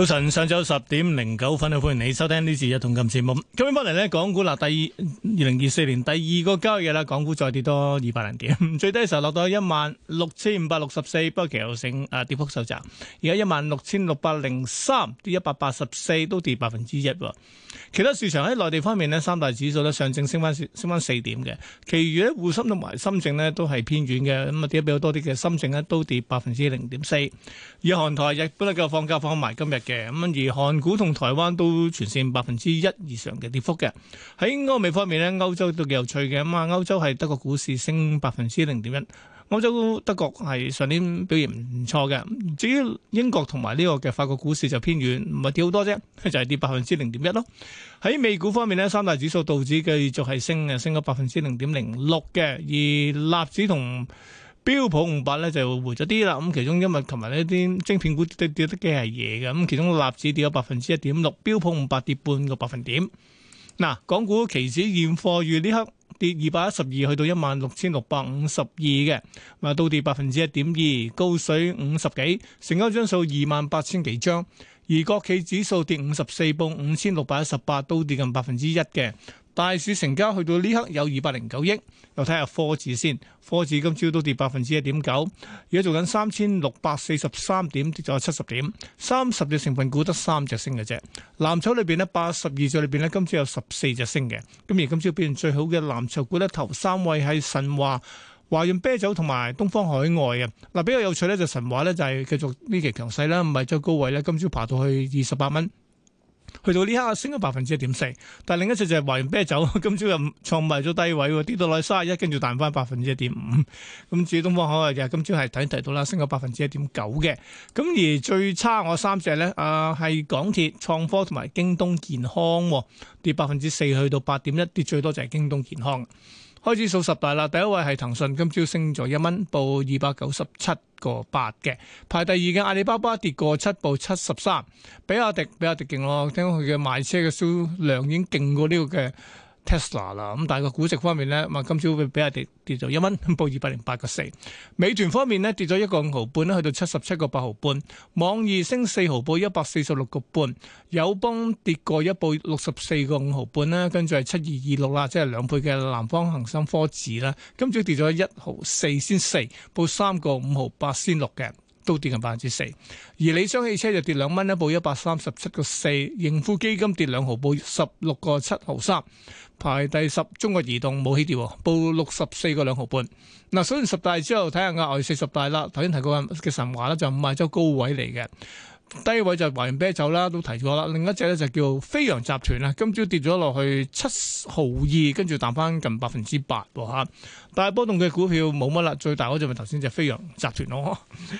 早晨，上晝十點零九分，歡迎你收聽呢節《一通金》節目。今日翻嚟呢港股啦，第二二零二四年第二個交易日啦，港股再跌多二百零點，最低嘅時候落到一萬六千五百六十四，不過其後升，誒，跌幅收窄，而家一萬六千六百零三，跌一百八十四，都跌百分之一。其他市場喺內地方面呢，三大指數呢上證升翻升翻四點嘅，其餘呢，滬深同埋深證呢都係偏軟嘅，咁、嗯、啊跌得比較多啲嘅。深證呢都跌百分之零點四。而韓台日本呢，夠放假放埋今日。嘅咁而韓股同台灣都全線百分之一以上嘅跌幅嘅喺歐美方面咧，歐洲都幾有趣嘅咁啊，歐洲係德國股市升百分之零點一，歐洲德國係上年表現唔錯嘅，至於英國同埋呢個嘅法國股市就偏軟，唔係跌好多啫，就係、是、跌百分之零點一咯。喺美股方面咧，三大指數道指繼續係升嘅，升咗百分之零點零六嘅，而納指同標普五百咧就回咗啲啦，咁其中因為琴日呢啲晶片股跌跌得幾係嘢嘅，咁其中納指跌咗百分之一點六，標普五百跌半個百分點。嗱、啊，港股期指現貨月呢刻跌二百一十二，去到一萬六千六百五十二嘅，啊，都跌百分之一點二，高水五十幾，成交張數二萬八千幾張，而國企指數跌五十四，報五千六百一十八，都跌近百分之一嘅。大市成交去到呢刻有二百零九億，又睇下科指先，科指今朝都跌百分之一點九，而家做緊三千六百四十三點，跌咗七十點，三十隻成分股得三隻升嘅啫。藍籌裏邊呢，八十二隻裏邊呢，今朝有十四隻升嘅，咁而今朝表現最好嘅藍籌股咧，頭三位係神話、華潤啤酒同埋東方海外嘅。嗱，比較有趣呢就神話呢，就係繼續呢期強勢啦，唔係最高位呢，今朝爬到去二十八蚊。去到呢刻升咗百分之一點四，但係另一隻就係華潤啤酒，今朝又創埋咗低位，跌到落去三十一，跟住彈翻百分之一點五。咁至於東方海外嘅，今朝係睇提到啦，升咗百分之一點九嘅。咁而最差我三隻咧，啊、呃、係港鐵、創科同埋京東健康跌百分之四，去到八點一，跌最多就係京東健康。開始數十大啦，第一位係騰訊，今朝升咗一蚊，報二百九十七個八嘅，排第二嘅阿里巴巴跌過七，報七十三，比亞迪比亞迪勁咯，聽講佢嘅賣車嘅銷量已經勁過呢個嘅。Tesla 啦，咁但係個股值方面咧，話今朝會比亞迪跌咗一蚊，報二百零八個四。美團方面咧跌咗一個五毫半咧，去到七十七個八毫半。網易升四毫，報一百四十六個半。友邦跌過一，報六十四個五毫半咧，跟住係七二二六啦，即係兩倍嘅南方恒生科指啦，今朝跌咗一毫四先四，報三個五毫八先六嘅。都跌近百分之四，而理想汽車就跌兩蚊一部，一百三十七個四；盈富基金跌兩毫，報十六個七毫三，排第十。中國移動冇起跌，報六十四個兩毫半。嗱、啊，數完十大之後睇下額外四十大啦。頭先提過嘅神話啦，就是、五萬周高位嚟嘅。低位就係華潤啤酒啦，都提過啦，另一隻咧就叫飛揚集團啦，今朝跌咗落去七毫二，跟住彈翻近百分之八吓。但大波動嘅股票冇乜啦，最大嗰隻咪頭先隻飛揚集團咯。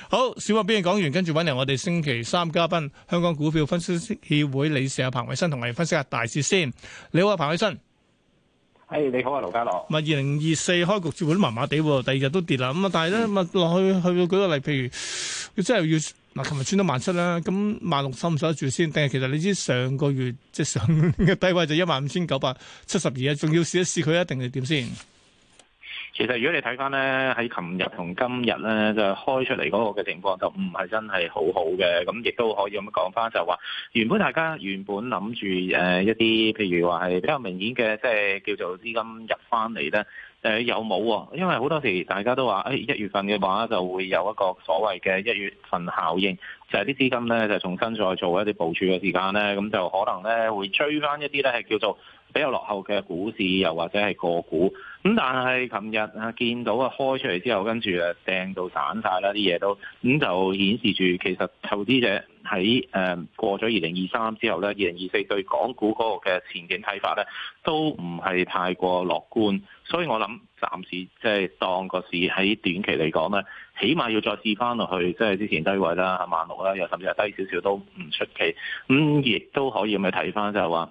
好，小話邊嘢講完，跟住揾嚟我哋星期三嘉賓香港股票分析協會理事阿彭偉新同我哋分析下大市先。你好啊，彭偉新。誒，hey, 你好啊，盧家樂。咪二零二四開局做嘢都麻麻地，第二日都跌啦。咁啊，但係咧，咪落、嗯、去去到舉個例，譬如真係要。嗱，琴日穿到萬七啦，咁萬六收唔收得住先，定係其實你知上個月即係上嘅低位就一萬五千九百七十二啊，仲要試一試佢一定係點先？其實如果你睇翻咧，喺琴日同今日咧就係開出嚟嗰個嘅情況，就唔係真係好好嘅，咁亦都可以咁樣講翻就係話，原本大家原本諗住誒一啲譬如話係比較明顯嘅，即係叫做資金入翻嚟咧。誒有冇啊？因為好多時大家都話，誒一月份嘅話就會有一個所謂嘅一月份效應，就係、是、啲資金咧就重新再做一啲部署嘅時間咧，咁就可能咧會追翻一啲咧係叫做比較落後嘅股市，又或者係個股。咁但係琴日啊見到啊開出嚟之後，跟住啊掟到散晒啦啲嘢都，咁就顯示住其實投資者。喺誒過咗二零二三之後咧，二零二四對港股嗰個嘅前景睇法咧，都唔係太過樂觀，所以我諗暫時即係當個市喺短期嚟講咧，起碼要再試翻落去，即係之前低位啦，係萬六啦，又甚至係低少少都唔出奇，咁、嗯、亦都可以咁樣睇翻就係話。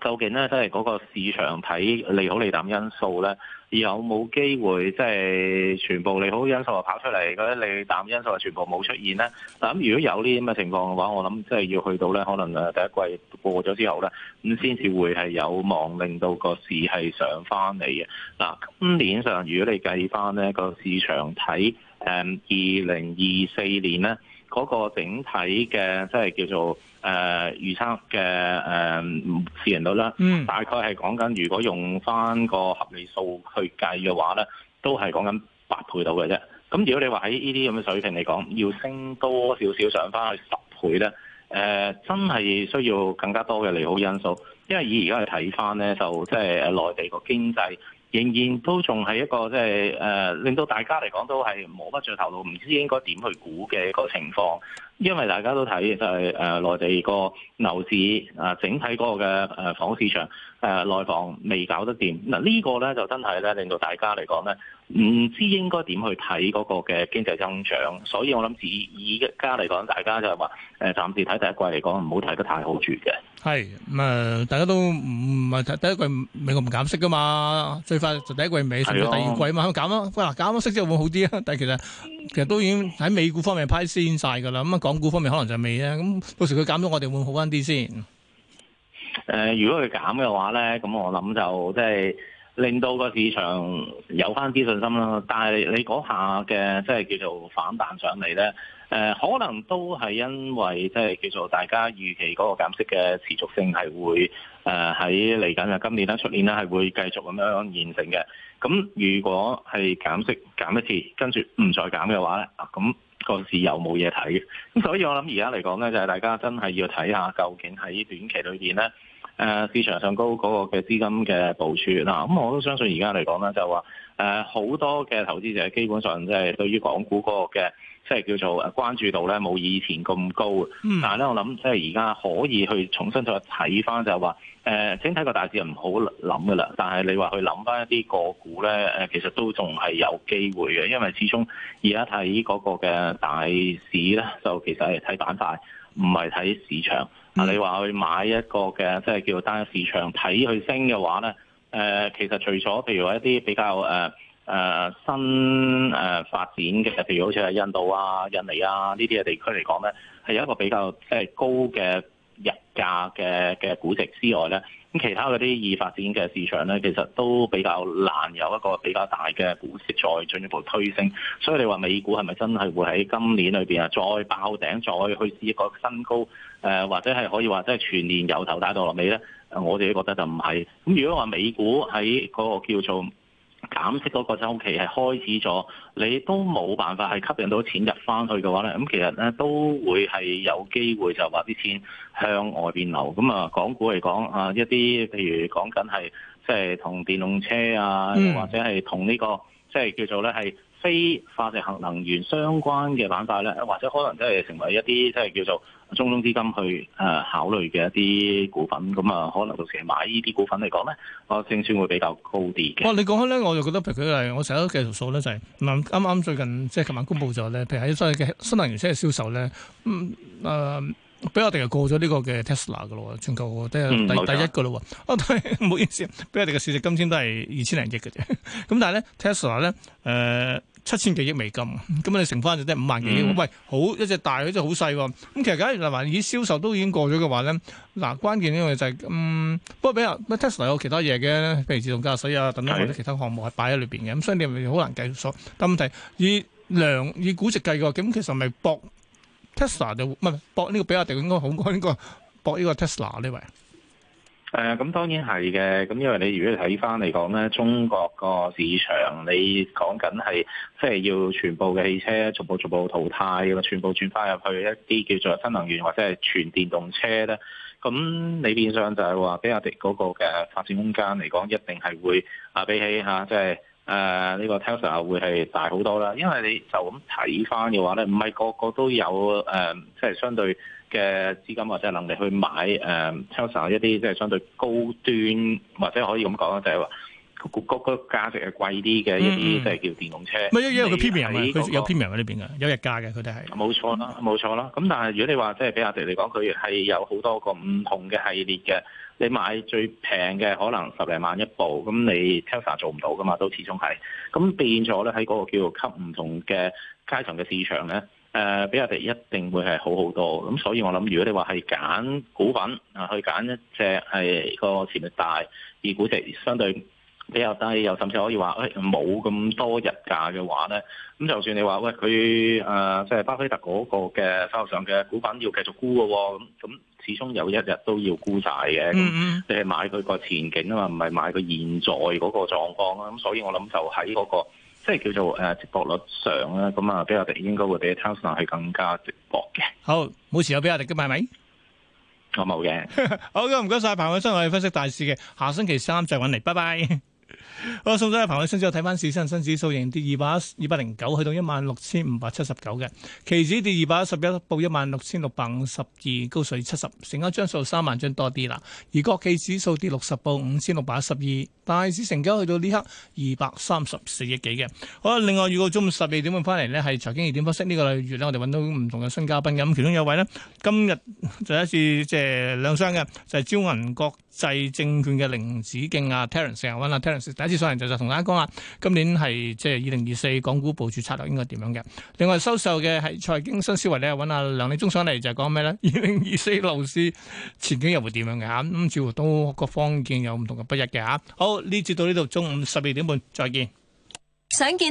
究竟咧，即係嗰個市場睇利好利淡因素咧，有冇機會即係全部利好因素啊跑出嚟，嗰啲利淡因素啊全部冇出現咧？嗱，咁如果有呢咁嘅情況嘅話，我諗即係要去到咧，可能誒第一季過咗之後咧，咁先至會係有望令到個市係上翻嚟嘅。嗱、啊，今年上如果你計翻咧個市場睇誒二零二四年咧。嗰個整體嘅即係叫做誒、呃、預測嘅誒市盈率咧，嗯、大概係講緊如果用翻個合理數去計嘅話咧，都係講緊八倍到嘅啫。咁如果你話喺呢啲咁嘅水平嚟講，要升多少少上翻去十倍咧，誒、呃、真係需要更加多嘅利好因素，因為以而家去睇翻咧，就即係內地個經濟，仍然都仲係一個即係誒，令到大家嚟講都係冇乜着頭腦，唔知應該點去估嘅一個情況，因為大家都睇就係誒內地個樓市啊、呃，整體嗰個嘅誒房市場誒內、呃、房未搞得掂，嗱、這個、呢個咧就真係咧令到大家嚟講咧，唔知應該點去睇嗰個嘅經濟增長，所以我諗以而家嚟講，大家就係話誒暫時睇第一季嚟講，唔好睇得太好住嘅。係誒、嗯，大家都唔唔係第一季美國唔減息噶嘛，最快就第一季尾甚至第二季嘛減咯，嗱，減咗息之後會好啲啊！但係其實其實都已經喺美股方面派息晒噶啦，咁啊港股方面可能就未啊，咁到時佢減咗我哋會好翻啲先。誒、呃，如果佢減嘅話咧，咁我諗就即係。令到個市場有翻啲信心咯，但係你嗰下嘅，即係叫做反彈上嚟呢，誒、呃、可能都係因為，即係叫做大家預期嗰個減息嘅持續性係會誒喺嚟緊嘅今年啦、出年啦係會繼續咁樣完成嘅。咁如果係減息減一次，跟住唔再減嘅話咧，咁、那個市又冇嘢睇嘅。咁所以我諗而家嚟講呢，就係、是、大家真係要睇下究竟喺短期裏邊呢。誒市場上高嗰個嘅資金嘅部署，嗱，咁我都相信而家嚟講咧，就話誒好多嘅投資者基本上即係對於港股嗰個嘅即係叫做誒關注度咧，冇以前咁高、嗯、但係咧，我諗即係而家可以去重新再睇翻，就話誒，整體個大市唔好諗㗎啦。但係你話去諗翻一啲個股咧，誒其實都仲係有機會嘅，因為始終而家睇嗰個嘅大市咧，就其實係睇板塊。唔係睇市場啊！嗯、你話去買一個嘅，即、就、係、是、叫做單一市場睇佢升嘅話咧，誒、呃，其實除咗譬如話一啲比較誒誒、呃呃、新誒、呃、發展嘅，譬如好似喺印度啊、印尼啊呢啲嘅地區嚟講咧，係有一個比較即係、就是、高嘅。日價嘅嘅估值之外呢，咁其他嗰啲已發展嘅市場呢，其實都比較難有一個比較大嘅股市再進一步推升。所以你話美股係咪真係會喺今年裏邊啊，再爆頂，再去試一個新高？誒、呃，或者係可以話即係全年由頭打到落尾呢？我自己覺得就唔係。咁如果話美股喺嗰個叫做，減息嗰個周期係開始咗，你都冇辦法係吸引到錢入翻去嘅話咧，咁其實咧都會係有機會就話啲錢向外邊流。咁啊，港股嚟講啊，一啲譬如講緊係即係同電動車啊，或者係同呢個即係叫做咧係，非化石核能源相關嘅板塊咧，或者可能都係成為一啲即係叫做中東資金去誒、呃、考慮嘅一啲股份，咁啊可能到時買呢啲股份嚟講咧，我勝算會比較高啲嘅。哇！你講開咧，我就覺得譬如佢係我成日都計數數咧，就係啱啱最近即係琴晚公佈咗咧，譬如喺新嘅新能源車嘅銷售咧，咁誒俾我哋係過咗呢個嘅 Tesla 嘅咯喎，全球第、嗯、第第一嘅咯喎。錯啊對，唔好意思，俾我哋嘅市值今天都係二千零億嘅啫。咁但係咧 Tesla 咧誒。七千幾億美金，咁你乘翻就得係五萬幾億。嗯、喂，好一隻大，一隻好細。咁其實假如嗱埋以銷售都已經過咗嘅話咧，嗱、啊、關鍵咧就係、是，嗯，不過比較 Tesla 有其他嘢嘅，譬如自動駕駛啊等等或者其他項目係擺喺裏邊嘅，咁所以你咪好難計數。但問題以量以估值計嘅話，咁其實咪博 Tesla 就唔係博呢個比亞迪應該好過應該個呢個博呢個 Tesla 呢位。誒咁、嗯、當然係嘅，咁因為你如果睇翻嚟講咧，中國個市場你講緊係即係要全部嘅汽車逐步逐步淘汰嘅全部轉翻入去一啲叫做新能源或者係全電動車咧，咁你變相就係話比亞迪嗰個嘅發展空間嚟講，一定係會啊比起嚇即係誒呢個 Tesla 會係大好多啦，因為你就咁睇翻嘅話咧，唔係個個都有誒，即、呃、係、就是、相對。嘅資金或者能力去買誒、呃、Tesla 一啲即係相對高端或者可以咁講啊，就係話嗰個價值係貴啲嘅一啲即係叫電動車。唔係、嗯，因為佢 P.M. 啊嘛，佢有 P.M. 喺呢邊嘅，有日價嘅佢哋係。冇錯啦，冇錯啦。咁但係如果你話即係比亞迪嚟講，佢係有好多個唔同嘅系列嘅，你買最平嘅可能十零萬一部，咁你 Tesla 做唔到噶嘛，都始終係。咁變咗咧，喺嗰個叫做吸唔同嘅階層嘅市場咧。誒，比亞迪一定會係好好多，咁所以我諗，如果你話係揀股份啊，去揀一隻係、哎這個潛力大、而估值相對比較低，又甚至可以話誒冇咁多日價嘅話咧，咁就算你話喂佢誒即係巴菲特嗰個嘅手上嘅股份要繼續沽嘅喎、哦，咁咁始終有一日都要沽晒嘅，你係買佢個前景啊嘛，唔係買佢現在嗰個狀況啊，咁所以我諗就喺嗰、那個。即係叫做誒，直播率上啦，咁啊，比亞迪應該會比 Tesla 係更加直播嘅。好，冇事啊，比亞迪嘅係咪？我冇嘅。好，嘅，唔該晒，彭偉新，我哋分析大市嘅，下星期三再揾你，拜拜。好，送咗俾朋友先，之後睇翻市，恒生指數仍跌，二百二百零九，去到一萬六千五百七十九嘅，期指跌二百一十一，報一萬六千六百五十二，高水七十，成交張數三萬張多啲啦。而國企指數跌六十，報五千六百一十二，大市成交去到呢刻二百三十四億幾嘅。好，另外預告中午十二點會翻嚟呢，係財經熱點分析呢個月呢，我哋揾到唔同嘅新嘉賓嘅，咁其中有位呢，今日再一次即係兩商嘅，就係、是、招銀國際證券嘅凌子敬啊，Terence 第一次上嚟就就同大家講下，今年係即係二零二四港股部署策略應該點樣嘅？另外收售嘅係財經新思維咧，揾阿梁利忠上嚟就係講咩咧？二零二四樓市前景又會點樣嘅吓？咁似乎都各方見有唔同嘅不一嘅吓。好呢節到呢度，中午十二點半再見。想見。